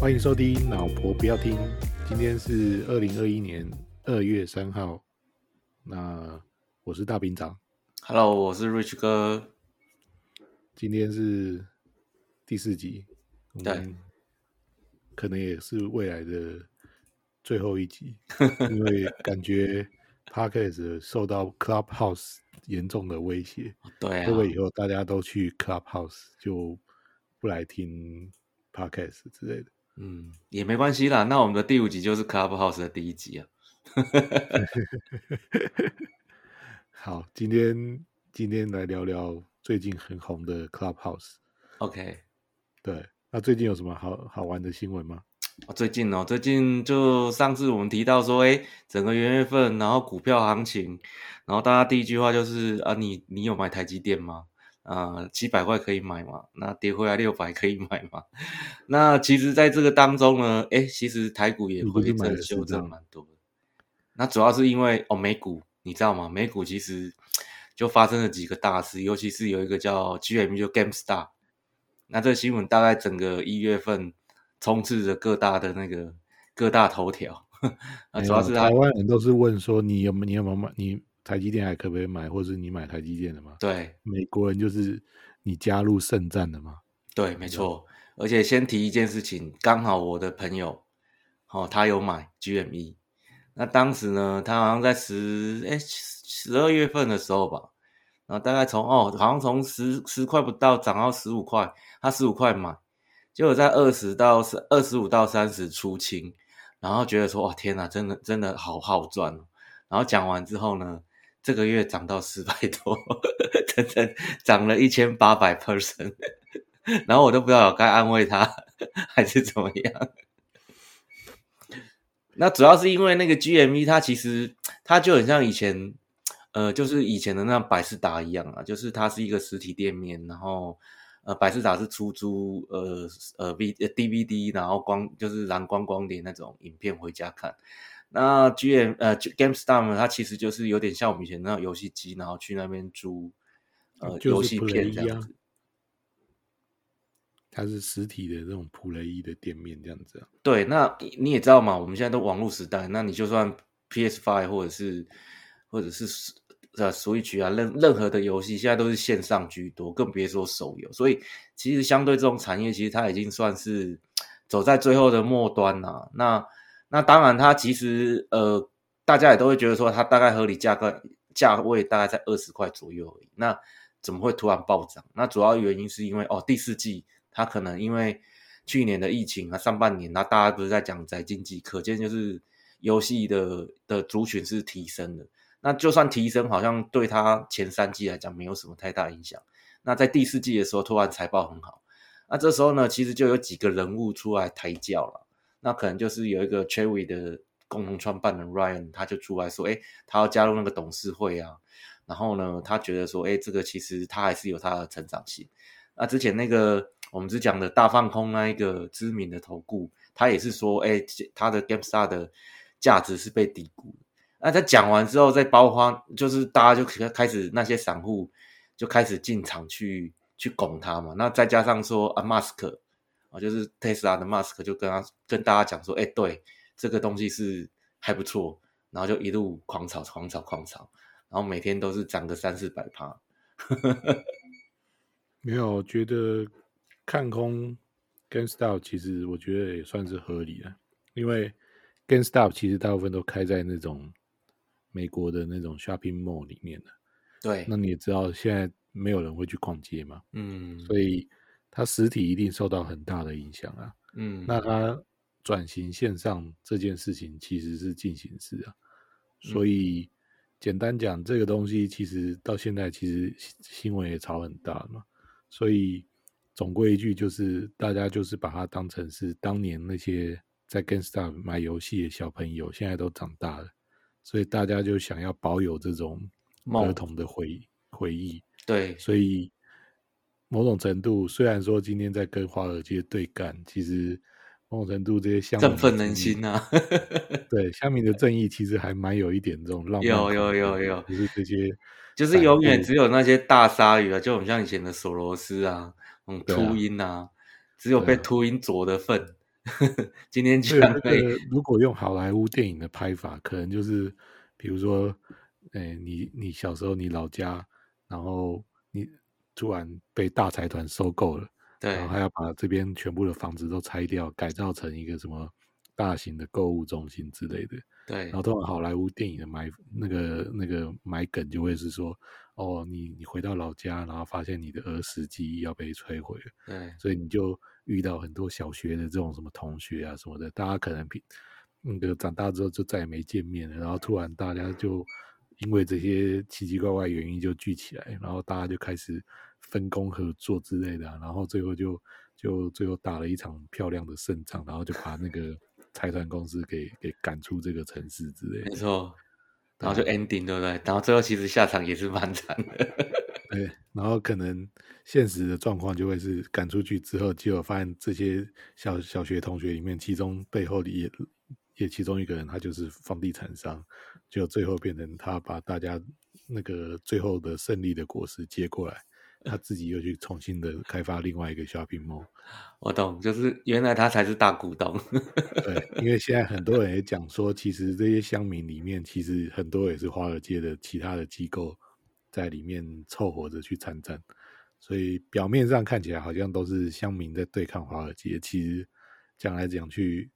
歡迎收聽，老婆不要聽。今天是二零二一年二月三號，那我是大兵長。Hello，我是 Rich 哥。今天是第四集，對，我們可能也是未來的最後一集， 因為感覺 Podcast 受到 Clubhouse 嚴重的威脅。對、啊，會不會以後大家都去 Clubhouse，就不來聽 Podcast 之類的？嗯，也沒關係啦。那我們的第五集就是 Clubhouse 的第一集啊。 好，今天今天來聊聊最近很紅的 Clubhouse。OK，對，那最近有什麼好好玩的新聞嗎？最近哦，最近就上次我們提到說，哎，整個元月份，然後股票行情，然後大家第一句話就是啊，你你有買台積電嗎？啊，幾、呃、百塊可以買嘛？那跌回來六百可以買嘛？ 那其實，在這個當中呢，哎、欸，其實台股也回震修正蠻多的，的那主要是因為哦，美股你知道嗎？美股其實就發生了幾個大事，尤其是有一個叫 GM, g m 就 Gamestar，那這個新聞大概整個一月份充斥着各大的那個各大頭條。 那主要是台灣人都是問說，你有有，你有沒有你有沒買你？台積電還可不可以買？或是你買台積電的嗎？對，美國人就是你加入聖戰的嗎？對，沒錯。明白。而且先提一件事情，剛好我的朋友，哦，他有買 GME，那當時呢，他好像在十哎十二月份的時候吧，然後大概從哦好像從十十塊不到漲到十五塊，他十五塊買，結果在二十到十二十五到三十出清，然後覺得說哇天啊，真的真的好好賺喔。然後講完之後呢？這個月漲到四百多，整整漲了一千八百 percent，然後我都不知道有該安慰他還是怎麼樣。那主要是因為那個 GME，它其實它就很像以前，呃，就是以前的那種百視達一樣啊，就是它是一個實體店面，然後呃，百視達是出租呃呃 V DVD，然後光就是藍光光碟那種影片回家看。那 GM、呃、G M 呃 GameStop 它其實就是有點像我們以前那種遊戲機，然後去那邊租呃、啊、遊戲片一樣，它是實體的這種普雷伊的店面這樣子，啊。對，那你也知道嘛，我們現在都網絡時代，那你就算 PS Five 或者是或者是呃 Switch 啊，任任何的遊戲現在都是線上居多，更別說手遊。所以其實相對這種產業，其實它已經算是走在最後的末端了，啊。那那當然，它其實呃，大家也都會覺得說，它大概合理價格價位大概在二十塊左右而已。那怎麼會突然暴漲？那主要原因是因為哦，第四季它可能因為去年的疫情啊，上半年那大家不是在講宅經濟，可見就是遊戲的的族群是提升的。那就算提升，好像對它前三季來講沒有什麼太大影響。那在第四季的時候，突然財報很好，那這時候呢，其實就有幾個人物出來抬轎了。那可能就是有一個 Chewy 的共同創辦人 Ryan，他就出來說，誒他要加入那個董事會啊。然後呢，他覺得說，誒這個其實他還是有他的成長性。那之前那個我們只講的大放空那一個知名的投顧，他也是說，誒他的 Gamestar 的價值是被低估。那他講完之後，在包荒，就是大家就開開始那些散戶就開始進場去去拱他嘛。那再加上說，阿馬斯克，啊，就是 Tesla 的 Musk 就跟他跟大家講說：“哎，對，這個東西是還不錯。”然後就一路狂炒、狂炒、狂炒，然後每天都是漲個三四百趴。 沒有，我覺得看空 GameStop 其實我覺得也算是合理的，因為 GameStop 其實大部分都開在那種美國的那種 shopping mall 裡面的。對，那你也知道，現在沒有人會去逛街嘛。嗯，所以。它實體一定受到很大的影響啊，嗯，那它轉型線上這件事情其實是進行式啊，嗯、所以簡單講，這個東西其實到現在其實新聞也炒很大嘛，所以總歸一句就是，大家就是把它當成是當年那些在 GameStop 買遊戲的小朋友現在都長大了，所以大家就想要保有這種兒童的回夢回憶，對，所以。某種程度，雖然說今天在跟華爾街對幹，其實某種程度這些鄉民振奮人心吶、啊。 對，鄉民的正義其實還蠻有一點這種浪漫有。有有有有，有就是這些，就是永遠只有那些大鯊魚啊，就很像以前的索羅斯啊，嗯，禿鷹啊，啊，只有被禿鷹啄的份。啊、 今天居然被……這個、如果用好萊塢電影的拍法，可能就是，比如說，欸、你你小時候你老家，然後。突然被大財團收購了，對然後還要把這邊全部的房子都拆掉，改造成一個什麼大型的購物中心之類的。對然後通常好萊塢電影的埋那個那個埋梗就會是說，哦，你你回到老家，然後發現你的兒時記憶要被摧毀了。對所以你就遇到很多小學的這種什麼同學啊什麼的，大家可能比那個長大之後就再也沒見面了，然後突然大家就。因為這些奇奇怪怪的原因就聚起來，然後大家就開始分工合作之類的、啊，然後最後就就最後打了一場漂亮的勝仗，然後就把那個財團公司給給趕出這個城市之類的。沒錯，然後就 ending，對不對，嗯，對？然後最後其實下場也是蠻慘的。對，然後可能現實的狀況就會是趕出去之後，結果發現這些小小學同學裡面，其中背後的也。也其中一個人，他就是房地產商，就最後變成他把大家那個最後的勝利的果實接過來，他自己又去重新的開發另外一個 shopping mall。我懂，就是原來他才是大股東。 對，因為現在很多人也講說，其實這些鄉民裡面，其實很多也是華爾街的其他的機構在裡面湊合着去參戰，所以表面上看起來好像都是鄉民在對抗華爾街，其實講來講去。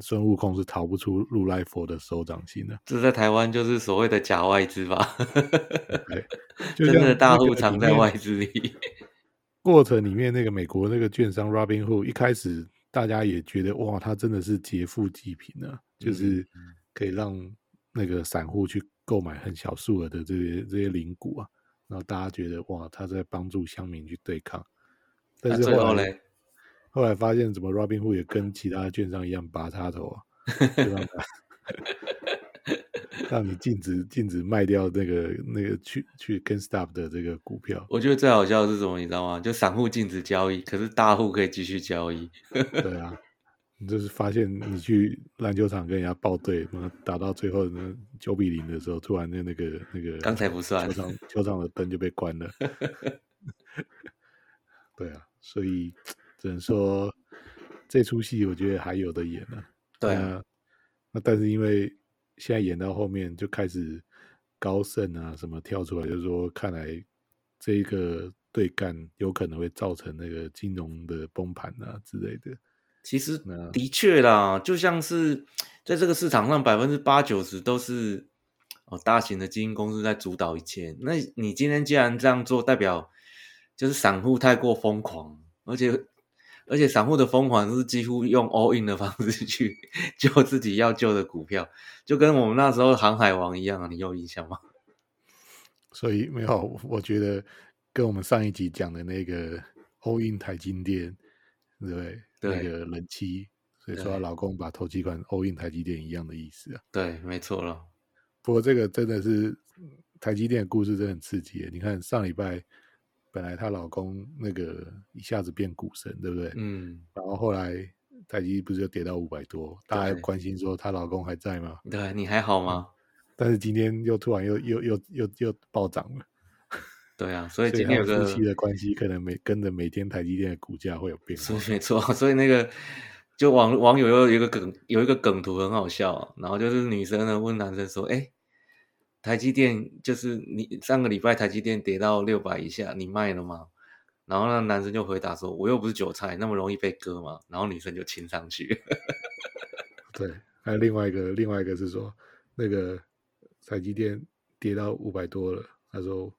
孫悟空是逃不出如來佛的手掌心的。這在台灣就是所謂的假外資吧？ 對，就像真的大戶藏在外資裡。過程裡面那個美國那個券商 Robinhood 一開始大家也覺得哇，他真的是劫富濟貧呢、啊，就是可以讓那個散戶去購買很小數額的這些這些零股啊，然後大家覺得哇，他在幫助鄉民去對抗。但是後來。啊後來發現，怎麼 Robin 戶也跟其他券商一樣拔插頭，啊， 讓你禁止禁止賣掉那個那個去去跟 stop 的這個股票。我覺得最好笑的是什麼？你知道嗎？就散戶禁止交易，可是大戶可以繼續交易。 對啊，你就是發現你去籃球場跟人家抱隊打到最後那九比零的時候，突然那個那個，那個，剛才不算、啊、球場球場的燈就被關了。 對啊，所以。只能說，這出戲我覺得還有的演呢、啊。對啊，啊，那但是因為現在演到後面就開始高盛啊什麼跳出來，就是說看來這一個對幹有可能會造成那個金融的崩盤啊之類的。其實的確啦，那就像是在這個市場上百分之八九十都是哦大型的基金公司在主導一切。那你今天既然這樣做，代表就是散戶太過瘋狂，而且。而且散戶的瘋狂是幾乎用 all in 的方式去救自己要救的股票，就跟我們那時候《航海王》一樣啊，你有印象嗎？所以沒有，我覺得跟我們上一集講的那個 all in 台積電，對，對那個人妻，所以說他老公把頭期款 all in 台積電一樣的意思啊。對，沒錯了。不過這個真的是台積電的故事，真的很刺激。你看上禮拜。本來她老公那個一下子變股神，對不對？嗯。然後後來台積不是又跌到五百多，大家對關心說她老公還在嗎？對，你還好嗎？但是今天又突然又又又又又暴漲了。對啊，所以今天有個夫妻的關係可能每跟着每天台積電的股價會有變化。是沒錯，所以那個就網網友又有一個梗，有一個梗圖很好笑啊。然後就是女生呢問男生說：“哎。”台積電就是你上個禮拜台積電跌到六百以下，你賣了嗎？然後那男生就回答說：“我又不是韭菜，那麼容易被割嗎？”然後女生就親上去。 對，還有另外一個，另外一個是說那個台積電跌到五百多了，他說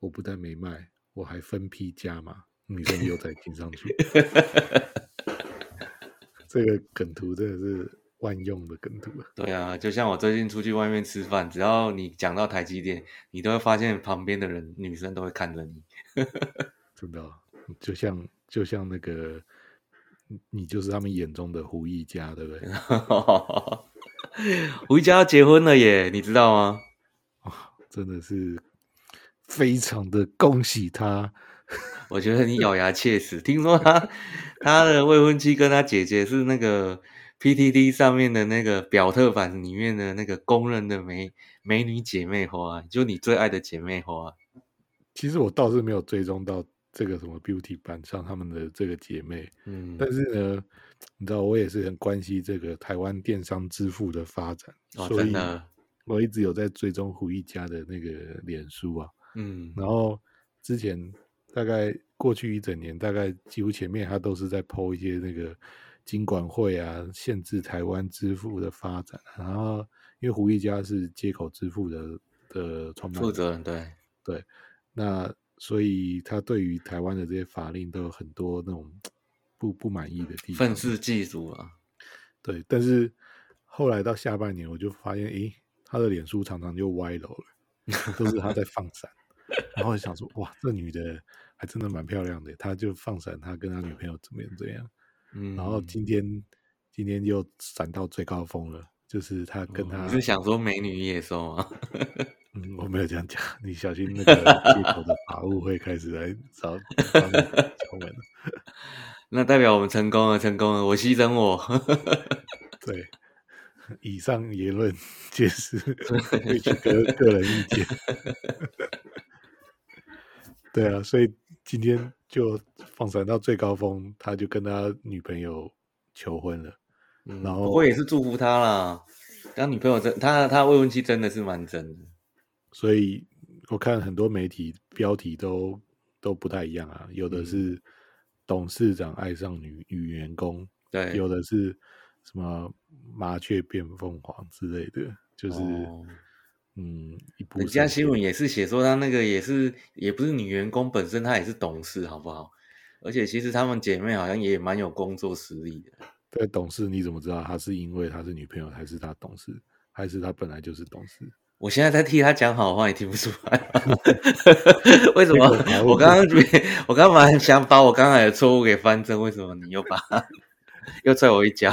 我不但沒賣，我還分批加碼。女生又在親上去。 這個梗圖真的是。萬用的梗圖，對啊，就像我最近出去外面吃飯，只要你講到台積電，你都會發現旁邊的人，女生都會看着你， 真的、哦，就像就像那個，你就是他們眼中的胡一家，對不對？ 胡一家要結婚了耶， 你知道嗎、哦？真的是非常的恭喜他。 我覺得你咬牙切齒， 聽說他 他的未婚妻跟他姐姐是那個。P T T 上面的那個表特版裡面的那個公認的美美女姐妹花，就你最愛的姐妹花。其實我倒是沒有追蹤到這個什麼 Beauty 版上他們的這個姐妹，嗯。但是呢，你知道我也是很關心這個台灣電商之父的發展，哇所以我一直有在追蹤胡一家的那個臉書啊，嗯。然後之前大概過去一整年，大概幾乎前面他都是在 PO 一些那個。金管會啊，限制台灣支付的發展啊。然後，因為胡一家是街口支付的的創辦負責人，對對，那所以他對於台灣的這些法令都有很多那種不不滿意的地方，憤世嫉俗啊。對，但是後來到下半年，我就發現，誒、欸，他的臉書常常就歪樓了，都是他在放閃。 然後想說，哇，這女的還真的蠻漂亮的，她就放閃，她跟她女朋友怎麼樣怎麼樣。嗯、然後今天、嗯、今天又漲到最高峰了，就是他跟他、嗯、你是想說美女野獸嗎、 嗯？我沒有這樣講，你小心那個巨頭的法務會開始來找 你。找 那代表我們成功了，成功了，我犧牲我。 對，以上言論皆是為個人意見。 對啊，所以。今天就放閃到最高峰，他就跟他女朋友求婚了，嗯、然後不過也是祝福他啦。他女朋友真，他他未婚妻真的是蠻真的。所以我看很多媒體標題都都不太一樣啊，有的是董事長愛上女女員工，嗯、對，有的是什麼麻雀變鳳凰之類的，就是。哦嗯，步步，人家新聞也是寫說他那個也是，也不是女員工本身，她也是董事，好不好？而且其實她們姐妹好像也蠻有工作實力的。對，董事你怎麼知道？她是因為她是女朋友，還是她董事，還是她本來就是董事？我現在在替她講好話，你聽不出來。 為什麼我剛剛？我剛剛我剛剛想把我剛才的錯誤給翻正，為什麼你又把又踹我一腳？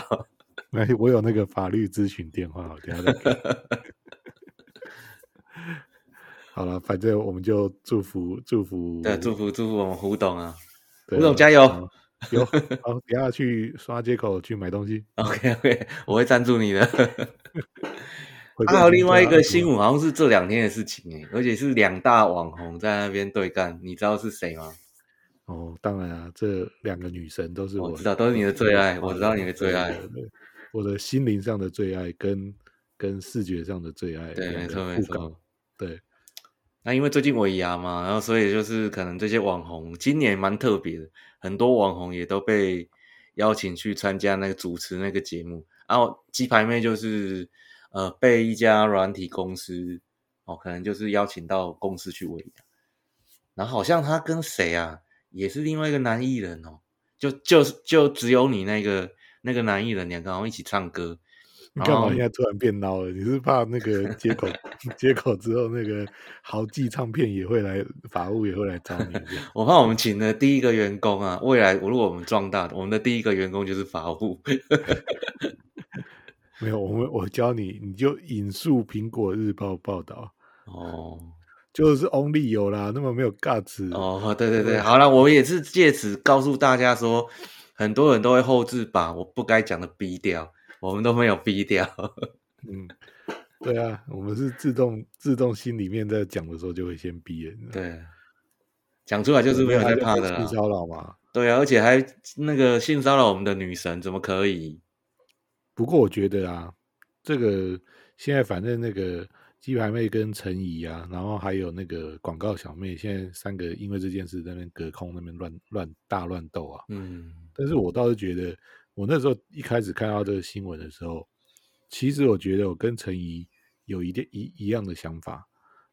沒，我有那個法律諮詢電話，好像。好了，反正我們就祝福祝福，對，祝福祝福我們胡董啊，胡董加油，有好，等下去刷街口去買東西。OK OK，我會贊助你的。還有另外一個新聞，好像是這兩天的事情哎，而且是兩大網紅在那邊對幹，你知道是誰嗎？哦，當然啊，這兩個女神都是我知道，都是你的最愛，我知道你的最愛，我的心靈上的最愛跟跟視覺上的最愛，對，沒錯沒錯，對。那、啊、因為最近尾牙嘛，然後所以就是可能這些網紅今年蠻特別的，很多網紅也都被邀請去參加那個主持那個節目。然後雞排妹就是呃被一家軟體公司哦，可能就是邀請到公司去尾牙。然後好像他跟誰啊，也是另外一個男藝人哦，就就就只有你那個那個男藝人兩個人一起唱歌。你幹嘛現在突然變孬了？Oh. 你是怕那個接口 接口之後，那個豪記唱片也會來，法務也會來找你？ 我怕我們請的第一個員工啊，未來如果我們壯大，我們的第一個員工就是法務。 沒有，我我教你，你就引述《蘋果日報》報導哦，就是翁立友啦，那麼沒有尬詞哦。Oh, 對對對，哇好了，我也是借此告訴大家說，很多人都會後製把我不該講的嗶掉。我們都沒有逼掉，嗯，對啊，我們是自動自動心裡面在講的時候就會先逼人。 對，講出來就是沒有害怕的了，騷擾嘛，對啊，而且還那個性騷擾我們的女神怎麼可以？不過我覺得啊，這個現在反正那個雞排妹跟陳沂啊，然後還有那個廣告小妹，現在三個因為這件事在那邊隔空那邊亂亂大亂鬥啊，嗯，但是我倒是覺得。我那時候一開始看到這個新聞的時候，其實我覺得我跟陳怡有一點一一,一樣的想法。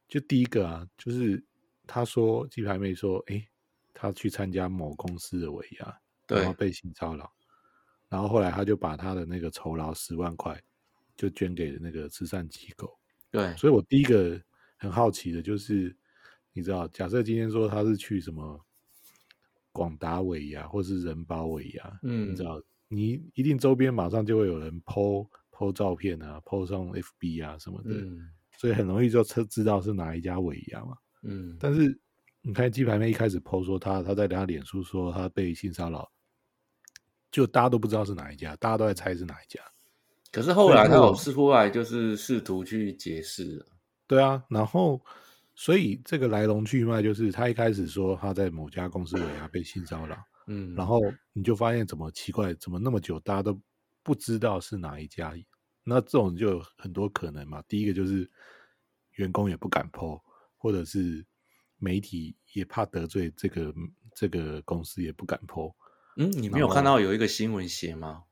就第一個啊，就是他說雞排妹說，誒、欸、他去參加某公司的尾牙，然後被性騷擾，對然後後來他就把他的那個酬勞十萬塊就捐給了那個慈善機構。對，所以我第一個很好奇的就是，你知道，假設今天說他是去什麼廣達尾牙或是人保尾牙，嗯、你知道？你一定周邊馬上就會有人 po, po 照片啊，po 上 FB 啊什麼的，嗯，所以很容易就知道是哪一家尾牙嘛。嗯，但是你看雞排妹一開始 po 說他他在他臉書說他被性騷擾，就大家都不知道是哪一家，大家都在猜是哪一家。可是後來他老是後來就是試圖去解釋。對啊，然後所以這個來龍去脈就是他一開始說他在某家公司尾牙被性騷擾。嗯嗯、然後你就發現怎麼奇怪，怎麼那麼久大家都不知道是哪一家？那這種就有很多可能嘛。第一個就是員工也不敢 PO，或者是媒體也怕得罪這個這個公司也不敢 PO。嗯，後你沒有看到有一個新聞寫嗎？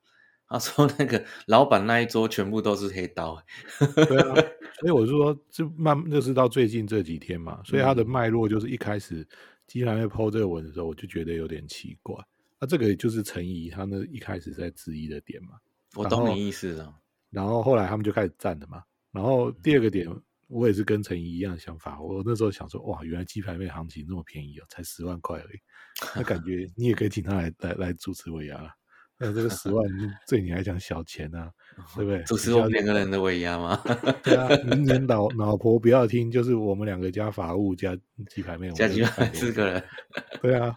他說那個老板那一桌全部都是黑道、欸。 對啊，所以我說就慢，就是到最近這幾天嘛，所以它的脈絡就是一開始。嗯雞排妹拋這個文的時候，我就覺得有點奇怪。那、啊、這個就是陳怡他那，一開始在質疑的點嘛。我懂你意思了。然後，然後後來他們就開始贊了嘛。然後第二個點，嗯、我也是跟陳怡一樣的想法。我那時候想說，哇，原來雞排妹行情那麼便宜哦，才十萬塊而已。那 感覺你也可以請他來來來主持尾牙。那這個十萬對你來講小錢啊。 對不對？主持我們兩個人的尾牙嗎？凌晨老老婆不要聽，就是我們兩個加法務加雞排妹，加雞排四個人。對啊，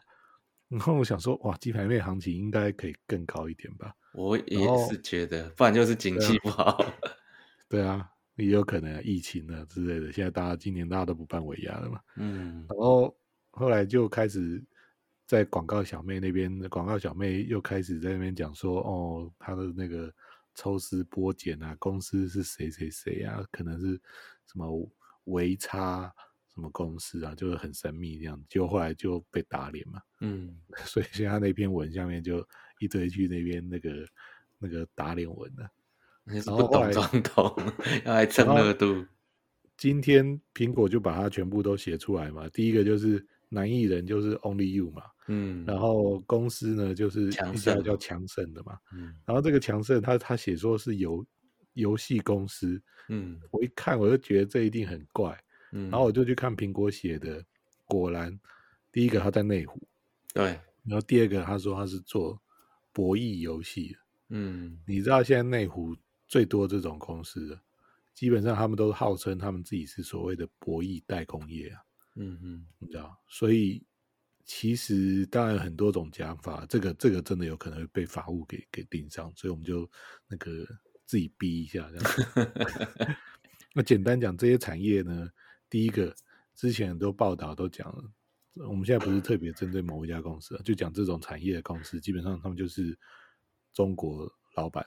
然後我想說，哇，雞排妹行情應該可以更高一點吧？我也是後覺得，不然就是景氣不好對、啊。對啊，也有可能疫情了之類的。現在大家今年大家都不辦尾牙了嘛。嗯，然後後來就開始在廣告小妹那邊，廣告小妹又開始在那邊講說，哦，她的那個。抽絲剝繭啊，公司是誰誰誰啊？可能是什麼維差什麼公司啊，就是很神秘這樣，就後來就被打臉嘛。嗯，所以現在那篇文下面就一堆去那邊那個那個打臉文了、啊。你是不懂裝懂，要來蹭熱度。今天蘋果就把它全部都寫出來嘛。第一個就是男藝人就是 Only You 嘛。嗯，然後公司呢，就是一家叫強盛的嘛。嗯，然後這個強盛他，他他寫說是遊遊戲公司。嗯，我一看我就覺得這一定很怪。嗯，然後我就去看蘋果寫的，果然第一個他在內湖。對，然後第二個他說他是做博弈遊戲。嗯，你知道現在內湖最多這種公司的，基本上他們都號稱他們自己是所謂的博弈代工業啊。嗯哼，你知道，所以。其實當然有很多種講法，這個這個真的有可能會被法務給給盯上，所以我們就那個自己逼一下這樣 那簡單講，這些產業呢，第一個之前很多報道都講了，我們現在不是特別針對某一家公司啊，就講這種產業的公司，基本上他們就是中國老闆，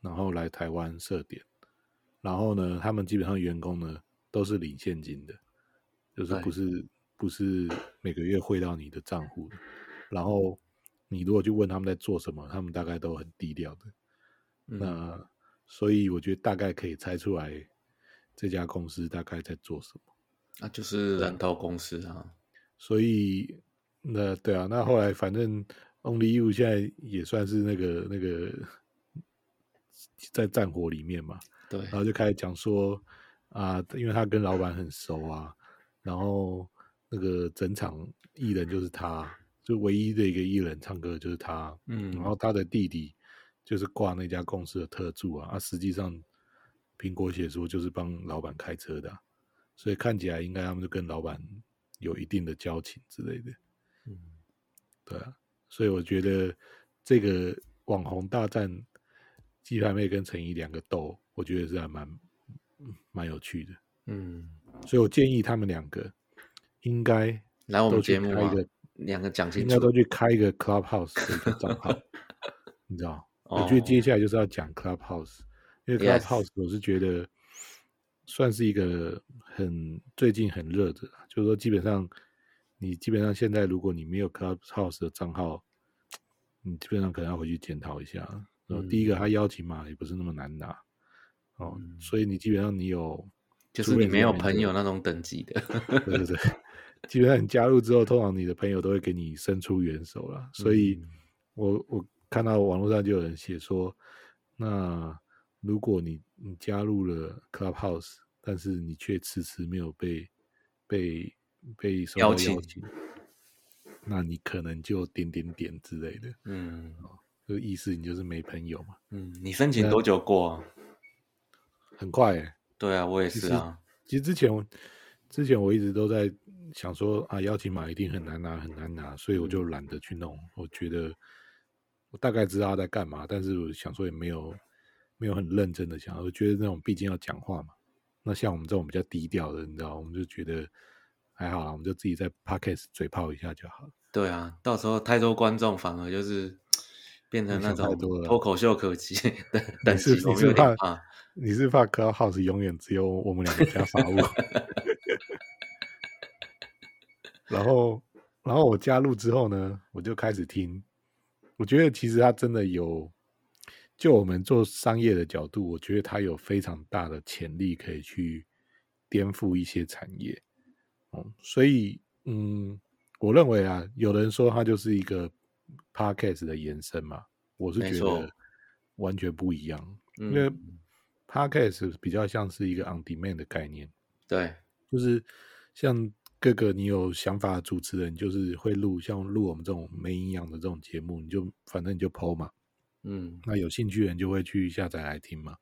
然後來台灣設點，然後呢，他們基本上員工呢都是領現金的，就是不是。不是每個月匯到你的賬戶，然後你如果去問他們在做什麼，他們大概都很低調的。嗯、那所以我覺得大概可以猜出來這家公司大概在做什麼，那、啊、就是人頭公司啊。所以那對啊，那後來反正 Only You 現在也算是那個那個在戰火裡面嘛。對，然後就開始講說啊，因為他跟老闆很熟啊，然後。那個整場藝人就是他，嗯、就唯一的一個藝人唱歌就是他，嗯，然後他的弟弟就是掛那家公司的特助啊，啊實際上蘋果寫書就是幫老板開車的，啊，所以看起來應該他們就跟老板有一定的交情之類的，嗯、對啊，所以我覺得這個網紅大戰雞排妹跟陳沂兩個鬥，我覺得是還蠻蠻有趣的，嗯，所以我建議他們兩個。應該來我們節目，兩個講清楚，應該都去開一個，個，個 clubhouse 的賬號， 你知道？我覺得接下來就是要講 clubhouse，因為 clubhouse 我是覺得算是一個很最近很熱的，Yes. 就是說基本上你基本上現在如果你沒有 clubhouse 的賬號，你基本上可能要回去檢討一下。然後、嗯、第一個，他邀請碼也不是那麼難拿，嗯、哦，所以你基本上你有，就是你沒有朋友那種等級的，對對對。基本上你加入之後，通常你的朋友都會給你伸出援手啦。嗯、所以我，我我看到網絡上就有人寫說，那如果你你加入了 Clubhouse，但是你卻遲遲沒有被被被邀請，邀請，那你可能就點點點之類的。嗯，就意思你就是沒朋友嘛。嗯，你申請多久過？很快誒、欸。對啊，我也是啊。其實，其實之前。之前我一直都在想說啊，邀請碼一定很難拿，很難拿，所以我就懶得去弄。嗯、我覺得我大概知道他在幹嘛，但是我想說也沒有沒有很認真的想。我覺得那種畢竟要講話嘛，那像我們這種比較低調的，你知道，我們就覺得還好啊，我們就自己在 Podcast 嘴炮一下就好。對啊，到時候太多觀眾反而就是變成那種脫口秀可及。但 等是級你是怕,怕你是怕 Clubhouse 永遠只有我們兩個加法務。 然後，然後我加入之後呢，我就開始聽。我覺得其實它真的有，就我們做商業的角度，我覺得它有非常大的潛力可以去顛覆一些產業。哦、嗯，所以，嗯，我認為啊，有人說它就是一個 podcast 的延伸嘛，我是覺得完全不一樣。嗯、因為 podcast 比較像是一個 on demand 的概念，對，就是像。各個你有想法的主持人就是會錄，像錄我們這種沒營養的這種節目，你就反正你就播嘛，嗯，那有興趣的人就會去下載來聽嘛，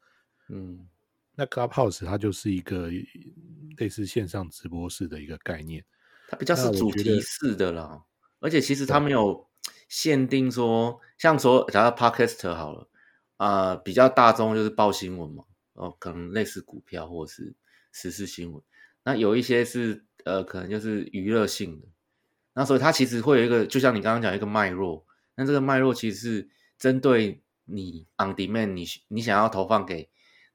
嗯，那 Clubhouse 它就是一個類似線上直播式的一個概念，它比較是主題式的啦，而且其實它沒有限定說，嗯、像說假如 Podcaster 好了啊，呃，比較大眾就是報新聞嘛，哦、呃，可能類似股票或是時事新聞，那有一些是。呃，可能就是娛樂性的，那所以它其實會有一個，就像你剛剛講一個脈絡，那這個脈絡其實是針對你 on demand，你你想要投放給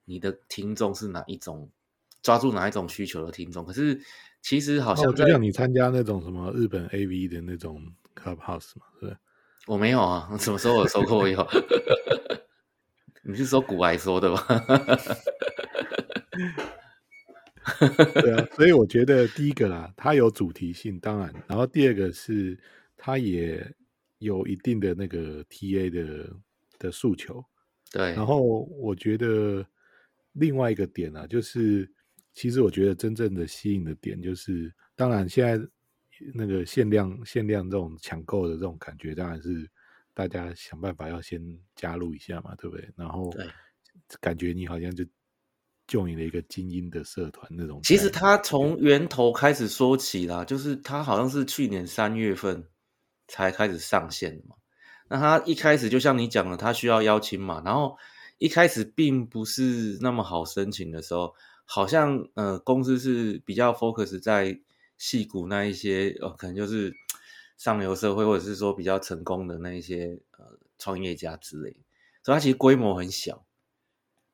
你的聽眾是哪一種，抓住哪一種需求的聽眾。可是其實好像這樣，哦、你參加那種什麼日本 A V 的那種 club house 嘛，對不對？我沒有啊，我什麼時候有說過？有？ 你是說古來說的吧？ 對啊，所以我覺得第一個啦，它有主題性，當然，然後第二個是它也有一定的那個 TA 的的訴求，對。然後我覺得另外一個點啊，就是其實我覺得真正的吸引的點，就是當然現在那個限量限量這種搶購的這種感覺，當然是大家想辦法要先加入一下嘛，對不對？然後感覺你好像就。就你的一個精英的社團那種，其實他從源頭開始說起啦，就是他好像是去年三月份才開始上線的嘛。那他一開始就像你講的，他需要邀請嘛，然後一開始並不是那麼好申請的時候，好像呃，公司是比較 focus 在矽谷那一些哦、呃，可能就是上流社會或者是說比較成功的那一些呃，創業家之類，所以他其實規模很小。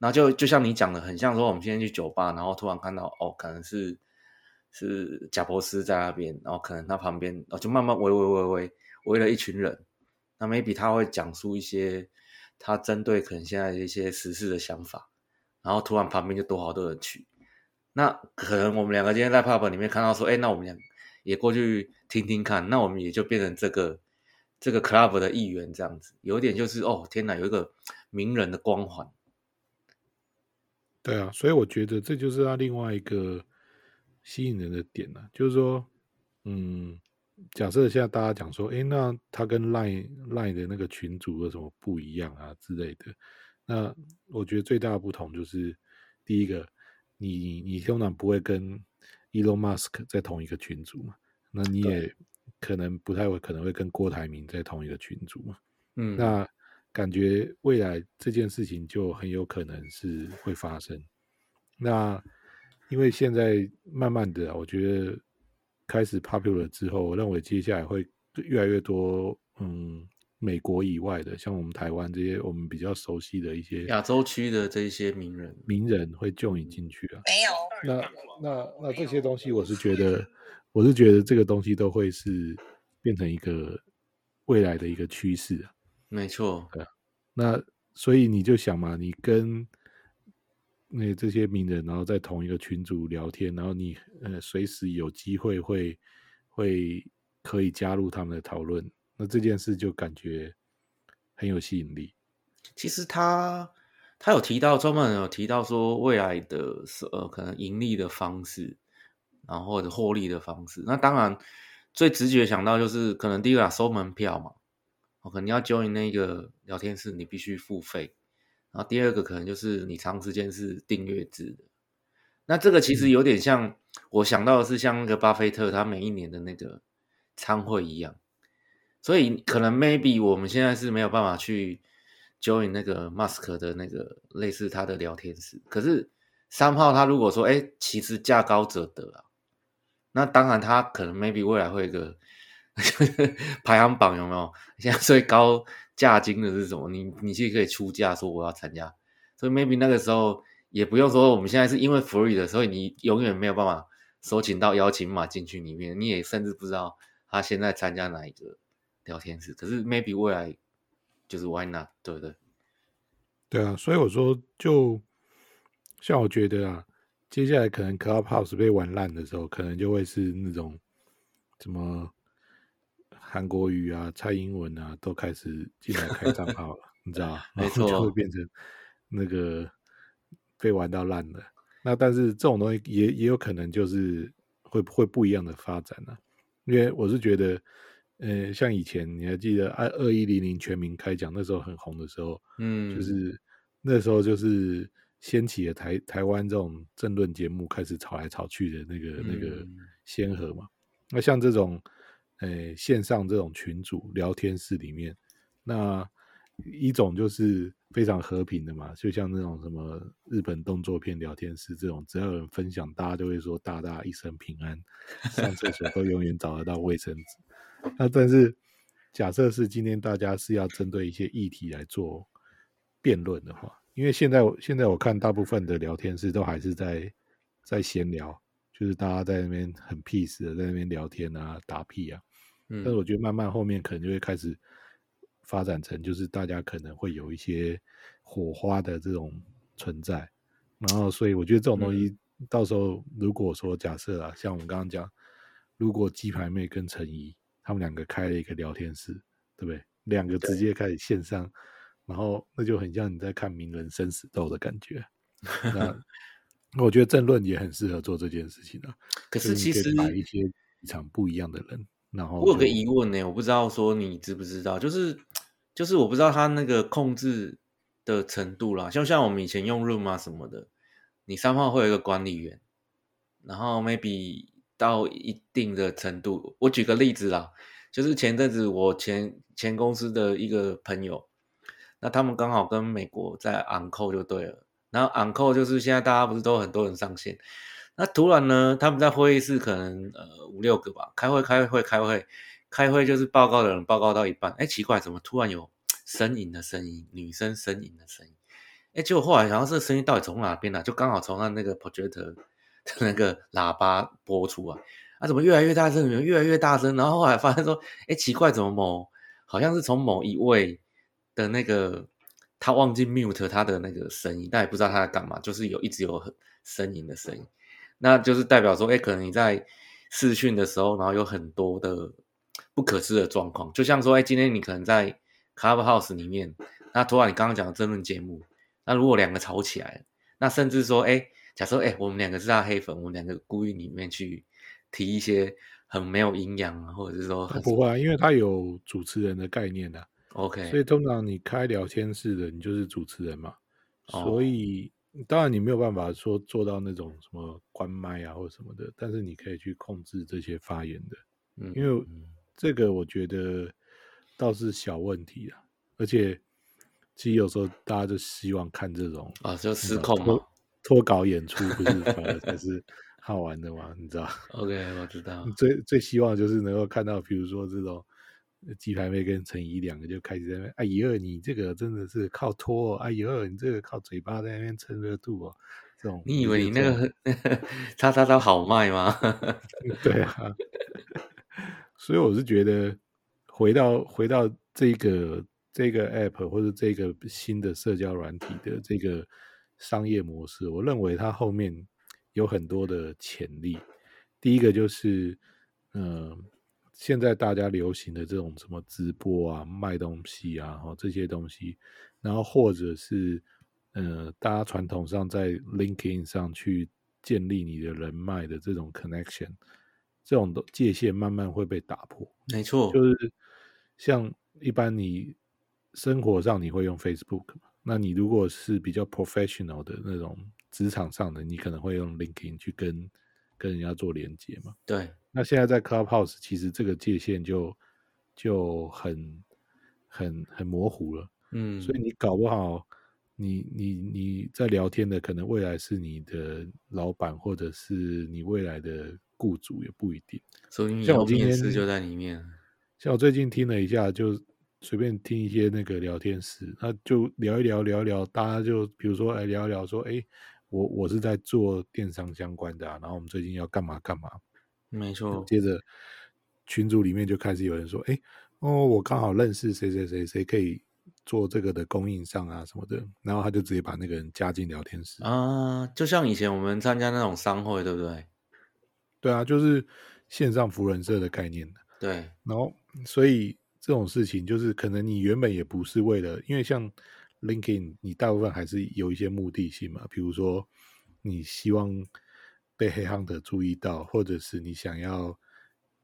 然後就就像你講的，很像說，我們現在去酒吧，然後突然看到哦，可能是是賈伯斯在那邊，然後可能他旁邊哦，就慢慢圍圍圍圍圍，圍，圍了一群人。那 maybe 他會講述一些他針對可能現在的一些時事的想法，然後突然旁邊就多好多人去。那可能我們兩個今天在 pub 裡面看到說，哎，那我們倆也過去聽聽看，那我們也就變成這個這個 club 的一員這樣子。有點就是哦，天哪，有一個名人的光環。對啊，所以我覺得這就是他另外一個吸引人的點啊，就是說，嗯，假設現在大家講說，誒，那他跟 Line Line 的那個群組有什麼不一樣啊之類的？那我覺得最大的不同就是，第一個，你你，你通常不會跟 Elon Musk 在同一個群組嘛，那你也可能不太會可能會跟郭台銘在同一個群組嘛，嗯，那。感覺未來這件事情就很有可能是會發生。那因為現在慢慢的啊，我覺得開始 popular 之後，我認為接下來會越來越多，嗯，美國以外的，像我們台灣這些我們比較熟悉的一些亞洲區的這些名人，名人會 join 進去啊。沒有。那那那這些東西，我是覺得，有我是覺得這個東西都會是變成一個未來的一個趨勢啊。沒錯、嗯，那所以你就想嘛，你跟那、欸、這些名人，然後在同一個群組聊天，然後你呃隨時有機會會會可以加入他們的討論，那這件事就感覺很有吸引力。其實他他有提到，專門有提到說未來的呃可能盈利的方式，然後或者獲利的方式。那當然最直覺想到就是可能第一個收門票嘛。我可能要 join 那個聊天室，你必須付費。然後第二個可能就是你長時間是訂閱制的。那這個其實有點像我想到的是像那個巴菲特他每一年的那個餐會一樣。所以可能 maybe 我們現在是沒有辦法去 join 那個 Musk 的那個類似他的聊天室。可是三號他如果說，哎，其實價高者得啊，那當然他可能 maybe 未來會有一個。 排行榜有沒有？現在最高價金的是什麼？你你其實可以出價說我要參加，所以 maybe 那個時候也不用說我們現在是因為 free 的，所以你永遠沒有辦法收集到邀請碼進去裡面，你也甚至不知道他現在參加哪一個聊天室。可是 maybe 未來就是 why not，對不對？對啊，所以我說就像我覺得啊，接下來可能 Clubhouse 被玩爛的時候，可能就會是那種怎麼？韓國瑜啊，蔡英文啊，都開始進來開賬號了， 你知道嗎？沒，然後就會變成那個錯被玩到爛的。那但是這種東西也也有可能就是會不會不一樣的發展呢？啊？因為我是覺得，呃，像以前你還記得二二一零零全民開講那時候很紅的時候，嗯，就是那時候就是掀起了台台灣這種政論節目開始炒來炒去的那個、嗯、那個先河嘛。那像這種。哎，線上這種群組聊天室裡面，那一種就是非常和平的嘛，就像那種什麼日本動作片聊天室這種，只要有人分享，大家就會說大大一生平安，上廁所都永遠找得到衛生紙。 那但是假設是今天大家是要針對一些議題來做辯論的話，因為現在我現在我看大部分的聊天室都還是在在閒聊，就是大家在那邊很 peace 的在那邊聊天啊，打屁啊。但是我覺得慢慢後面可能就會開始發展成，就是大家可能會有一些火花的這種存在。然後，所以我覺得這種東西到時候如果說假設啊，像我們剛剛講，如果雞排妹跟陳怡他們兩個開了一個聊天室，對不對？兩個直接開始線上，然後那就很像你在看《名人生死鬥》的感覺。嗯、那我覺得政論也很適合做這件事情啊。可是其實把一些立場不一樣的人。然後我有個疑問呢、欸，我不知道說你知不知道，就是就是我不知道他那個控制的程度啦，像像我們以前用 Room 啊什麼的，你三號會有一個管理員，然後 maybe 到一定的程度，我舉個例子啦，就是前陣子我前前公司的一個朋友，那他們剛好跟美國在昂 n o 就對了，然後昂 n o 就是現在大家不是都很多人上線。那突然呢，他們在會議室可能呃五六個吧，開會開會開會開會就是報告的人報告到一半，哎、欸、奇怪，怎麼突然有呻吟的聲音，女生呻吟的聲音，哎、欸、結果後來想想這聲音到底從哪邊呢、啊？就剛好從他那個 projector 那個喇叭播出啊。啊怎麼越來越大聲，越來越大聲，然後後來發現說，哎、欸、奇怪，怎麼某好像是從某一位的那個他忘記 mute 他的那個聲音，但也不知道他在幹嘛，就是有一直有呻吟的聲音。那就是代表說，哎、欸，可能你在視訊的時候，然後有很多的不可知的狀況，就像說，哎、欸，今天你可能在 Clubhouse 裡面，那通常你剛剛講的政論節目，那如果兩個吵起來，那甚至說，哎、欸，假設，哎、欸，我們兩個是他的黑粉，我們兩個故意裡面去提一些很沒有營養，或者是說不會、啊啊，因為他有主持人的概念的、啊、，OK，所以通常你開聊天室的，你就是主持人嘛，哦、所以。當然，你沒有辦法說做到那種什麼關麥啊，或者什麼的，但是你可以去控制這些發言的，嗯，因為這個我覺得倒是小問題啦，而且其實有時候大家就希望看這種啊，就失控脫，脫稿演出不是才是好玩的嘛， 你知道？OK，我知道。最最希望就是能夠看到，比如說這種。雞排妹跟陳怡兩個就開始在那邊，哎呦，你這個真的是靠托、哦，哎呦，你這個靠嘴巴在那邊蹭熱度哦。這種，你以為你那個叉叉刀好賣嗎？對啊，所以我是覺得，回到回到這個這個 app 或者這個新的社交軟體的這個商業模式，我認為它後面有很多的潛力。第一個就是，嗯、呃。現在大家流行的這種什麼直播啊、賣東西啊，這些東西，然後或者是呃大家傳統上在 LinkedIn 上去建立你的人脈的這種 connection，這種界限慢慢會被打破。沒錯，就是像一般你生活上你會用 Facebook，那你如果是比較 professional 的那種職場上的，你可能會用 LinkedIn 去跟跟人家做連接嘛。對。那現在在 Clubhouse，其實這個界限就就很、很、很模糊了。嗯，所以你搞不好，你、你、你在聊天的，可能未來是你的老闆，或者是你未來的雇主，也不一定。所以、嗯、像我今天事就在裡面，像我最近聽了一下，就隨便聽一些那個聊天室，那、啊、就聊一聊，聊一聊，大家就比如說，來，聊一聊，說，哎，我我是在做電商相關的啊，然後我們最近要幹嘛幹嘛。沒錯，接着群組裡面就開始有人說：“哎，哦，我剛好認識誰誰誰，誰可以做這個的供應商啊什麼的。”然後他就直接把那個人加進聊天室啊，就像以前我們參加那種商會，對不對？對啊，就是線上扶輪社的概念。對，然後所以這種事情就是可能你原本也不是為了，因為像 LinkedIn，你大部分還是有一些目的性嘛，比如說你希望。被 headhunter 注意到，或者是你想要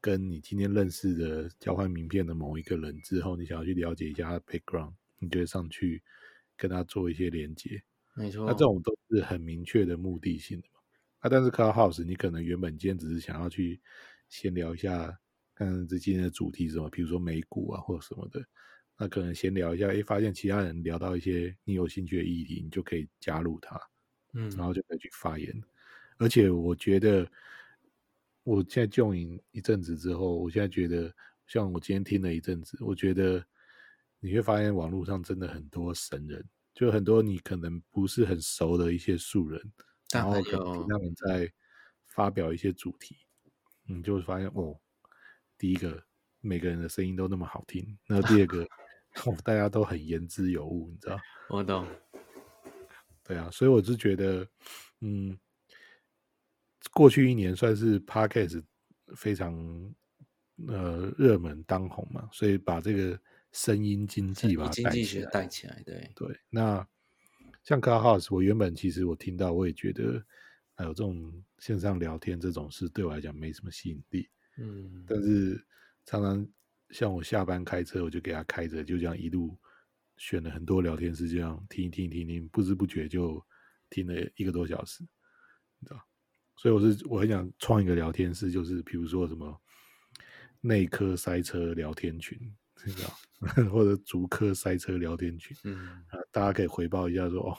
跟你今天認識的交換名片的某一個人之後，你想要去了解一下他的 background，你就會上去跟他做一些連接。沒錯錯，那這種都是很明確的目的性的嘛。啊，但是 Clubhouse 你可能原本今天只是想要去閒聊一下，看看這今天的主題什麼，比如說美股啊或什麼的，那可能閒聊一下，誒、欸，發現其他人聊到一些你有興趣的議題，你就可以加入他，嗯，然後就可以去發言。嗯而且我覺得，我現在就營一陣子之後，我現在覺得，像我今天聽了一陣子，我覺得你會發現網絡上真的很多神人，就很多你可能不是很熟的一些素人，有然後可能他們在發表一些主題，你就會發現哦，第一個每個人的聲音都那麼好聽，那第二個 大家都很言之有物，你知道？我懂。對啊，所以我就覺得，嗯。過去一年算是 podcast 非常呃熱門當紅嘛，所以把這個聲音經濟把經濟學帶起來，對對。那像 Clubhouse，我原本其實我聽到我也覺得，還有這種線上聊天這種事，對我來講沒什麼吸引力。嗯。但是常常像我下班開車，我就給他開着，就這樣一路選了很多聊天室，這樣聽一聽一聽聽，不知不覺就聽了一個多小時，你知道。所以我是我很想創一個聊天室，就是比如說什麼內科塞車聊天群， 或者足科塞車聊天群，嗯、大家可以回報一下說哦，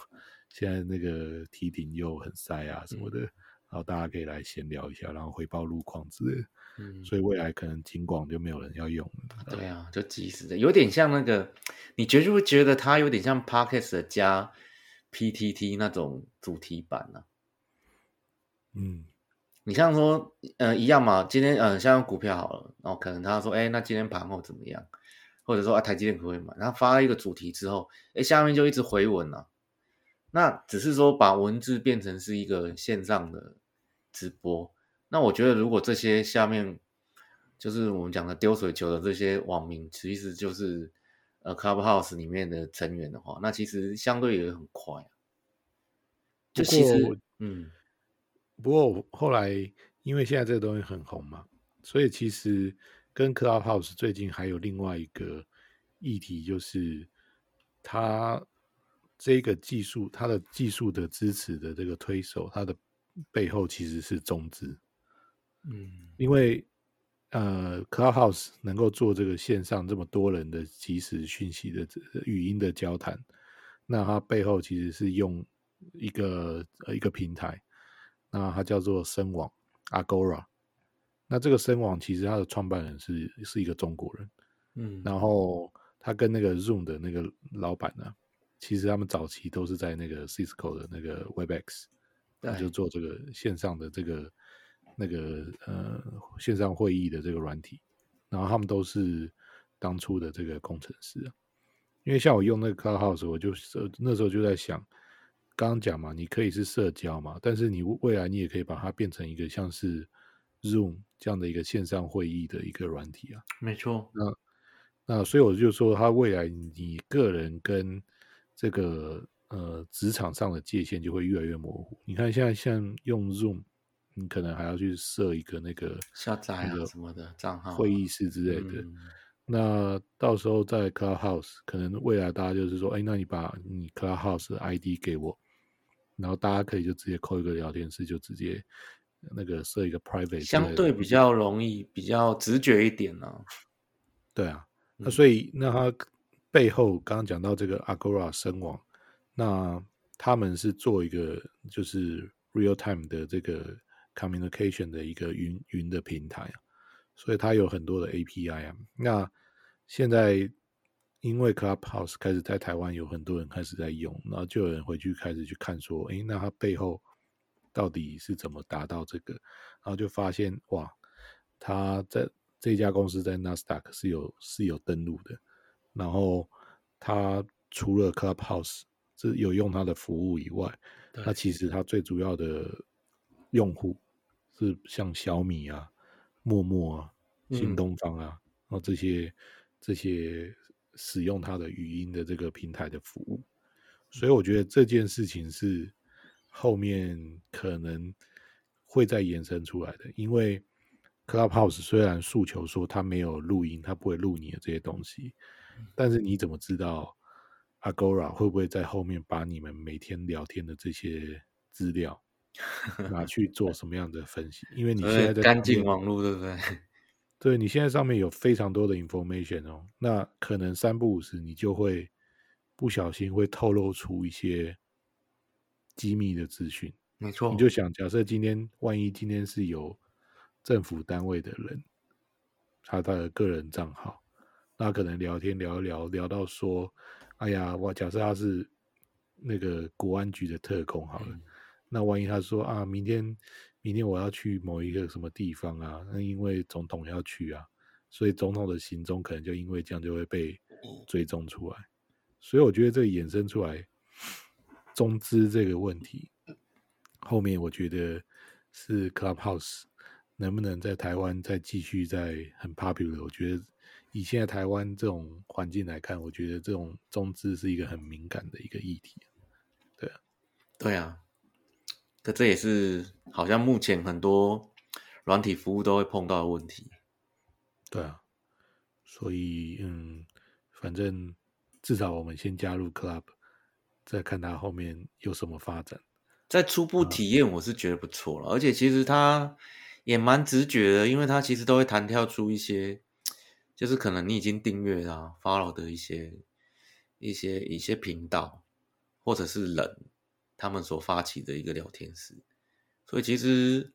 現在那個堤頂又很塞啊什麼的，嗯、然後大家可以來閒聊一下，然後回報路況之類的。嗯、所以未來可能警廣就沒有人要用了對、嗯、啊，就即時的，有點像那個，你覺不覺得它有點像 Podcast 加 PTT 那種主題版呢、啊？嗯，你像說，嗯、呃，一樣嘛，今天，嗯、呃，像股票好了，然、哦、後可能他說，哎、欸，那今天盤後怎麼樣？或者說啊，台積電可不可以買？他發了一個主題之後，哎、欸，下面就一直回文了、啊。那只是說把文字變成是一個線上的直播。那我覺得，如果這些下面就是我們講的丟水球的這些網民，其實就是呃 Clubhouse 裡面的成員的話，那其實相對也很快、啊、不過 就其實，嗯。不過後來，因為現在這個東西很紅嘛，所以其實跟 Clubhouse 最近還有另外一個議題，就是他這個技術，他的技術的支持的這個推手，他的背後其實是中資。嗯，因為呃，Clubhouse 能夠做這個線上這麼多人的即時訊息的語音的交談，那他背後其實是用一個呃一個平台。那他叫做聲網，Agora。那這個聲網其實他的創辦人是是一個中國人，嗯，然後他跟那個 Zoom 的那個老闆呢、啊，其實他們早期都是在那個 Cisco 的那個 Webex，對就做這個線上的這個那個呃線上會議的這個軟體，然後他們都是當初的這個工程師啊，因為像我用那個 Clubhouse 的時候，我就那時候就在想。剛講嘛，你可以是社交嘛，但是你未來你也可以把它變成一個像是 Zoom 這樣的一個線上會議的一個軟體啊。沒錯。那那所以我就說，它未來你個人跟這個呃職場上的界限就會越來越模糊。你看現在像用 Zoom，你可能還要去設一個那個下載啊什麼的賬號、會議室之類的。嗯、那到時候在 Clubhouse，可能未來大家就是說，哎，那你把你 Clubhouse 的 ID 給我。然後大家可以就直接扣一個聊天室，就直接那個設一個 private，相對比較容易，嗯、比較直覺一點呢、啊。對啊，嗯、那所以那它背後剛剛講到這個 Agora 聲網，那他們是做一個就是 real time 的這個 communication 的一個雲雲的平台、啊，所以它有很多的 API 啊。那現在。因為 Clubhouse 開始在台灣有很多人開始在用，然後就有人回去開始去看，說：“哎，那它背後到底是怎麼達到這個？”然後就發現，哇，他在這家公司在納斯達克是有是有登錄的。然後他除了 Clubhouse 是有用它的服務以外，對它其實它最主要的用戶是像小米啊、陌陌啊、新東方啊，嗯、然後這些這些。使用它的語音的這個平台的服務，所以我覺得這件事情是後面可能會再延伸出來的。因為 Clubhouse 雖然訴求說它沒有錄音，它不會錄你的這些東西，但是你怎麼知道 Agora 會不會在後面把你們每天聊天的這些資料拿去做什麼樣的分析？因為你現在，在 乾淨網絡，對不對？對，你現在上面有非常多的 information 哦，那可能三不五時你就會不小心會透露出一些機密的資訊。沒錯，你就想，假設今天萬一今天是有政府單位的人，還有他的個人賬號，那可能聊天聊一聊，聊到說，哎呀，我假設他是那個國安局的特工好了，嗯。那萬一他說啊，明天。明天我要去某一個什麼地方啊，那因為總統要去啊，所以總統的行蹤可能就因為這樣就會被追蹤出來。所以我覺得這衍生出來中資這個問題，後面我覺得是 Clubhouse 能不能在台灣再繼續再很 popular，我覺得以現在台灣這種環境來看，我覺得這種中資是一個很敏感的一個議題。對啊，對啊。可這也是好像目前很多軟體服務都會碰到的問題。對啊，所以嗯，反正至少我們先加入 Club，再看他後面有什麼發展。在初步體驗，我是覺得不錯了，嗯、而且其實它也蠻直覺的，因為它其實都會彈跳出一些，就是可能你已經訂閱了啊、follow 的一些一些一些頻道或者是人。他們所發起的一個聊天室，所以其實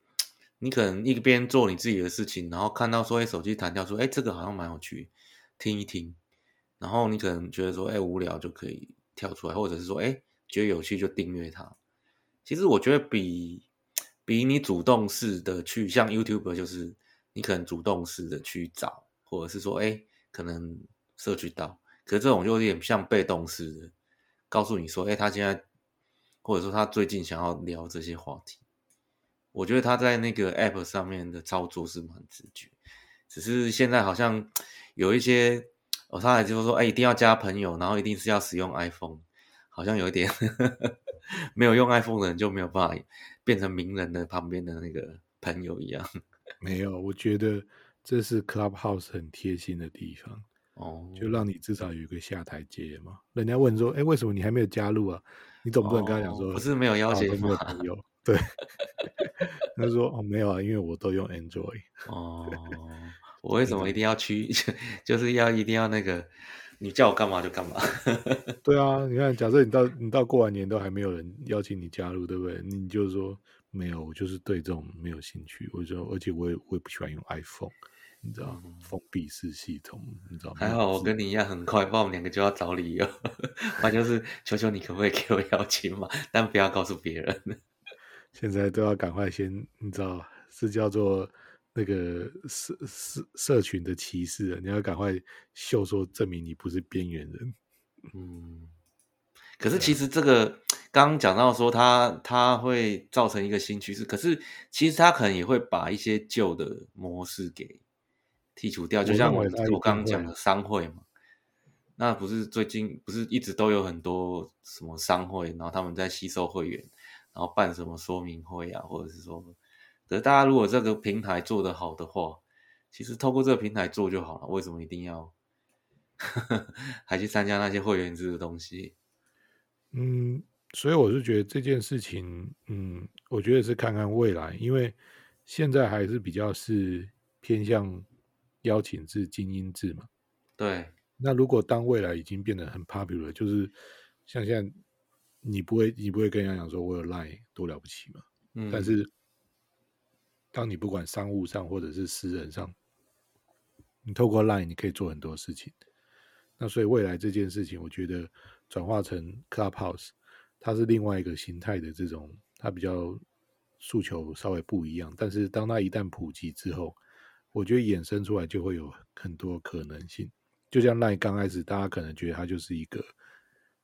你可能一邊做你自己的事情，然後看到說誒、欸、手機彈跳出，誒、欸、這個好像蠻有趣，聽一聽，然後你可能覺得說誒、欸、無聊就可以跳出來，或者是說誒、欸、覺得有趣就訂閱它。其實我覺得比比你主動式的去像 YouTube 就是你可能主動式的去找，或者是說誒、欸、可能攝取到，可是這種就有點像被動式的告訴你說誒、欸、他現在。或者說他最近想要聊這些話題，我覺得他在那個 App 上面的操作是蠻直覺，只是現在好像有一些，我上來就說，哎，一定要加朋友，然後一定是要使用 iPhone，好像有一點，呵呵，沒有用 iPhone 的人就沒有辦法變成名人的旁邊的那個朋友一樣。沒有，我覺得這是 Clubhouse 很貼心的地方。哦，oh, 就讓你至少有一個下台階嘛。人家問說：“哎、欸，為什麼你還沒有加入啊？”你總不能跟他講說：“ oh, 不是沒有邀請，沒有朋友。”對，他 說：“哦，沒有啊，因為我都用 Android、oh, 對。”哦，我為什麼一定要去？就是要一定要那個，你叫我幹嘛就幹嘛。 對啊，你看，假設你到你到過完年都還沒有人邀請你加入，對不對？你就是說沒有，我就是對這種沒有興趣。我說，而且我也我也不喜歡用 iPhone。你知道封閉式系統，嗯、你知道嗎？還好我跟你一樣、嗯、很快，不然我們兩個就要找理由。那 就是求求你，可不可以給我邀請碼？但不要告訴別人。現在都要趕快先，你知道，是叫做那個社社社群的歧視了。你要趕快秀，說證明你不是邊緣人。嗯，可是其實這個剛剛講到說，他他會造成一個新趨勢。可是其實他可能也會把一些舊的模式給。剔除掉，就像我剛剛講的商會嘛，會那不是最近不是一直都有很多什麼商會，然後他們在吸收會員，然後辦什麼說明會啊，或者是說，可是大家如果這個平台做得好的話，其實透過這個平台做就好了，為什麼一定要，呵呵還去參加那些會員制的東西？嗯，所以我是覺得這件事情，嗯，我覺得是看看未來，因為現在還是比較是偏向。邀請制、精英制嘛，對。那如果當未來已經變得很 popular，就是像現在你，你不會你不會跟人家講說我有 line 多了不起嘛，嗯。但是，當你不管商務上或者是私人上，你透過 line 你可以做很多事情。那所以未來這件事情，我覺得轉化成 clubhouse，它是另外一個形態的這種，它比較訴求稍微不一樣。但是當它一旦普及之後，我覺得衍生出來就會有很多可能性。就像 Line 剛開始，大家可能覺得它就是一個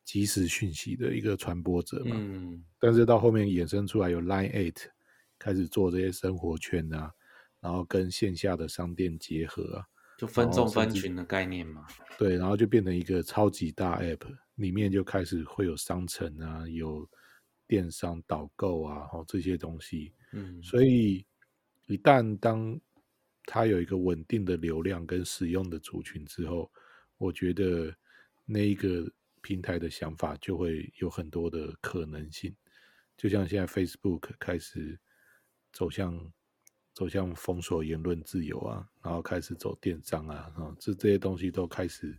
即時訊息的一個傳播者嘛。嗯。但是到後面衍生出來，有 Line Eight 開始做這些生活圈啊，然後跟線下的商店結合，啊，就分眾分群的概念嘛。對，然後就變成一個超級大 App，裡面就開始會有商城啊，有電商導購啊，這些東西。嗯。所以一旦當它有一個穩定的流量跟使用的族群之後，我覺得那一個平台的想法就會有很多的可能性。就像現在 Facebook 開始走向走向封鎖言論自由啊，然後開始走電商啊，啊，這這些東西都開始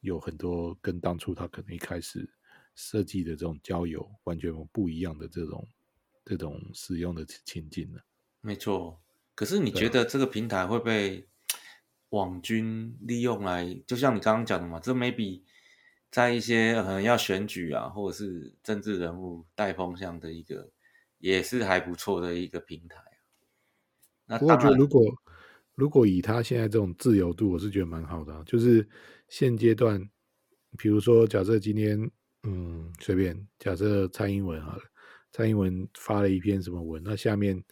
有很多跟當初它可能一開始設計的這種交友完全不一樣的這種這種使用的情境了啊。沒錯。可是你覺得這個平台會被網軍利用來？就像你剛剛講的嘛，這 maybe 在一些可能要選舉啊，或者是政治人物帶風向的一個，也是還不錯的一個平台啊。那我覺得如果如果以他現在這種自由度，我是覺得蠻好的啊。就是現階段，比如說假設今天嗯隨便假設蔡英文啊，蔡英文發了一篇什麼文，那下面。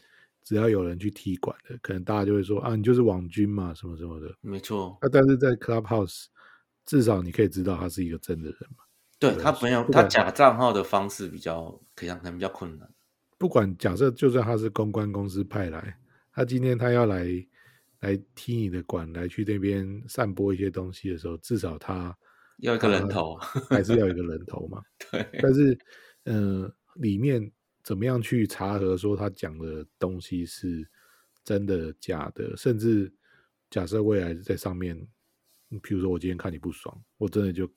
只要有人去踢館的，可能大家就會說啊，你就是網軍嘛，什麼什麼的，沒錯錯。那、啊、但是在 Clubhouse，至少你可以知道他是一個真的人嘛。對，對，不對，他沒有，不他假賬號的方式比較，可能可比較困難。不管假設，就算他是公關公司派來，他今天他要來來踢你的館，來去那邊散播一些東西的時候，至少他要一個人頭，還是要一個人頭嘛？ 對。但是，嗯、呃，裡面。怎麼樣去查核說他講的東西是真的假的？甚至假設未來在上面，比如說我今天看你不爽，我真的就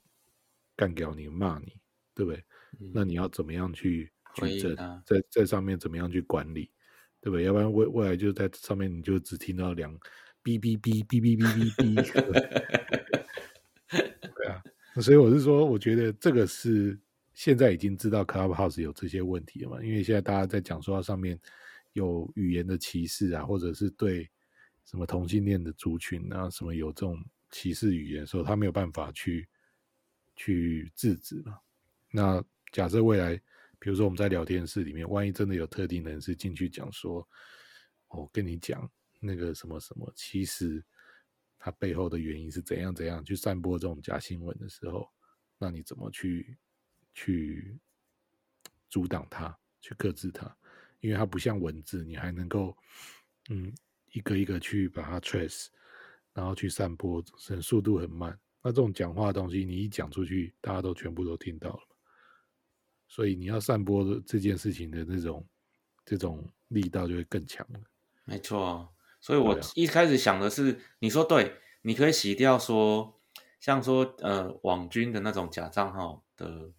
幹掉你罵你，對不對？嗯、那你要怎麼樣去舉證？啊、在在上面怎麼樣去管理，對不對？要不然未未來就在上面你就只聽到兩嗶嗶嗶嗶嗶嗶嗶。 對啊，所以我是說，我覺得這個是。現在已經知道 Clubhouse 有這些問題了嘛？因為現在大家在講說上面有語言的歧視啊，或者是對什麼同性戀的族群啊，什麼有這種歧視語言的時候，他沒有辦法去去制止了。那假設未來，比如說我們在聊天室裡面，萬一真的有特定人士進去講說，我、哦、跟你講那個什麼什麼，其實他背後的原因是怎樣怎樣，去散播這種假新聞的時候，那你怎麼去？去阻擋它，去克制它，因為它不像文字，你還能夠嗯，一個一個去把它 trace，然後去散播，所以速度很慢。那這種講話的東西，你一講出去，大家都全部都聽到了。所以你要散播這件事情的那種，這種力道就會更強了。沒錯，所以我一開始想的是，對啊。你說對，你可以洗掉說，像說呃網軍的那種假賬號的。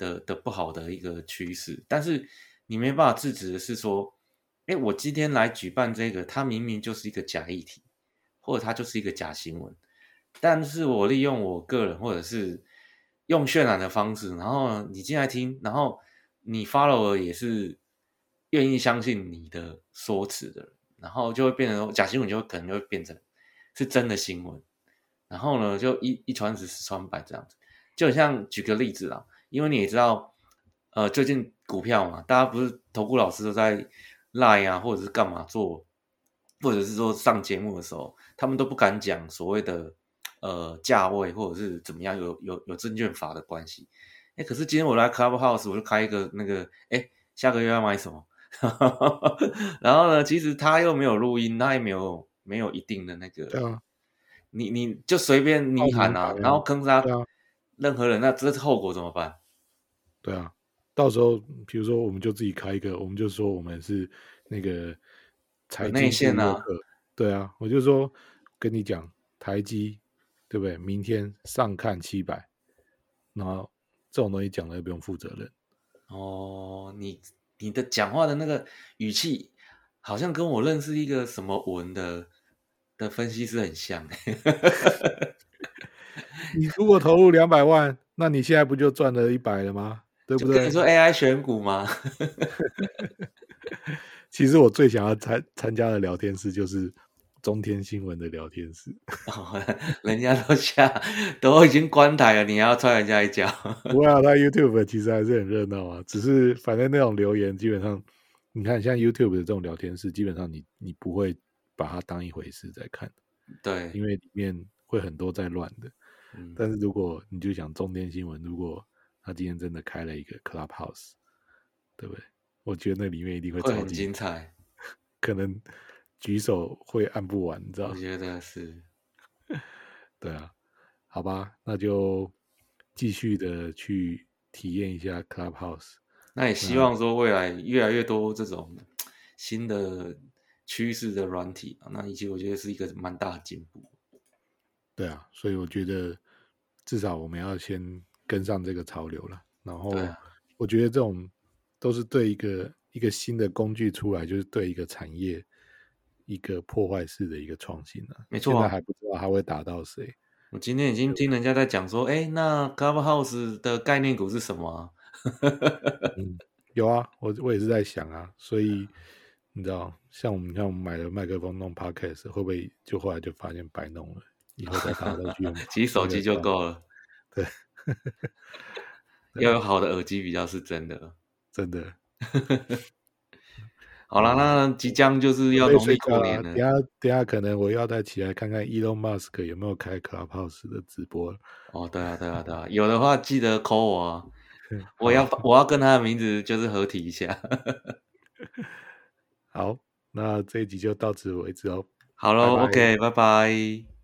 的的不好的一個趨勢，但是你沒辦法制止的是說，哎，我今天來舉辦這個，它明明就是一個假議題，或者它就是一個假新聞，但是我利用我個人或者是用渲染的方式，然後你進來聽，然後你 follow 也是願意相信你的說辭的，然後就會變成假新聞，就可能就會變成是真的新聞，然後呢就一一傳十，十傳百這樣子，就像舉個例子啦。因為你也知道，呃，最近股票嘛，大家不是投顧老師都在賴啊，或者是幹嘛做，或者是說上節目的時候，他們都不敢講所謂的呃價位或者是怎麼樣，有有有證券法的關係。哎，可是今天我來 Clubhouse，我就開一個那個，哎，下個月要買什麼？ 然後呢，其實他又沒有錄音，他也沒有沒有一定的那個，啊、你你就隨便你喊啊，然後坑殺任何人，啊、那這後果怎麼辦？對啊，到時候比如說我們就自己開一個，我們就說我們是那個台積電啊。對啊，我就說跟你講台積，對不對？明天上看七百，然後這種東西講了也不用負責任。哦，你你的講話的那個語氣，好像跟我認識一個什麼文的的分析師很像。 你如果投入兩百萬，那你現在不就賺了一百了嗎？對不對？你說 AI 選股嗎？ 其實我最想要參參加的聊天室就是中天新聞的聊天室。 Oh, 人家都下都已經關台了，你還要踹人家一腳？ 不會啊，他 YouTube 其實還是很熱鬧啊。只是反正那種留言，基本上你看像 YouTube 的這種聊天室，基本上你你不會把它當一回事在看。對，因為裡面會很多在亂的。嗯，但是如果你就想中天新聞，如果他今天真的開了一個 Clubhouse，對不對？我覺得那裡面一定會，會很精彩，可能舉手會按不完，你知道嗎？我覺得是，對啊，好吧，那就繼續的去體驗一下 Clubhouse。那也希望說未來越來越多這種新的趨勢的軟體啊，那以及我覺得是一個蠻大的進步。對啊，所以我覺得至少我們要先。跟上這個潮流了，然後我覺得這種都是對一個對、啊、一個新的工具出來，就是對一個產業一個破壞式的一個創新呢、啊。沒錯、啊，現在還不知道它會打到誰。我今天已經聽人家在講說，對那 Clubhouse 的概念股是什麼、啊 嗯？有啊，我我也是在想啊，所以、嗯、你知道，像我們像我們買了麥克風弄 Podcast，會不會就後來就發現白弄了？以後再打回去，其實 手機就夠了。對。呵呵呵， 要有好的耳機比較是真的， 真的。 好了，那即將就是要、呃、努力過年了，等下等下可能我要再起來看看 Elon Musk 有沒有開 Clubhouse 的直播。哦，對啊，對啊，對啊，有的話記得 call 我啊， 我要我要跟他的名字就是合體一下。 好，那這一集就到此為止哦。好咯，OK，拜拜。Okay, bye bye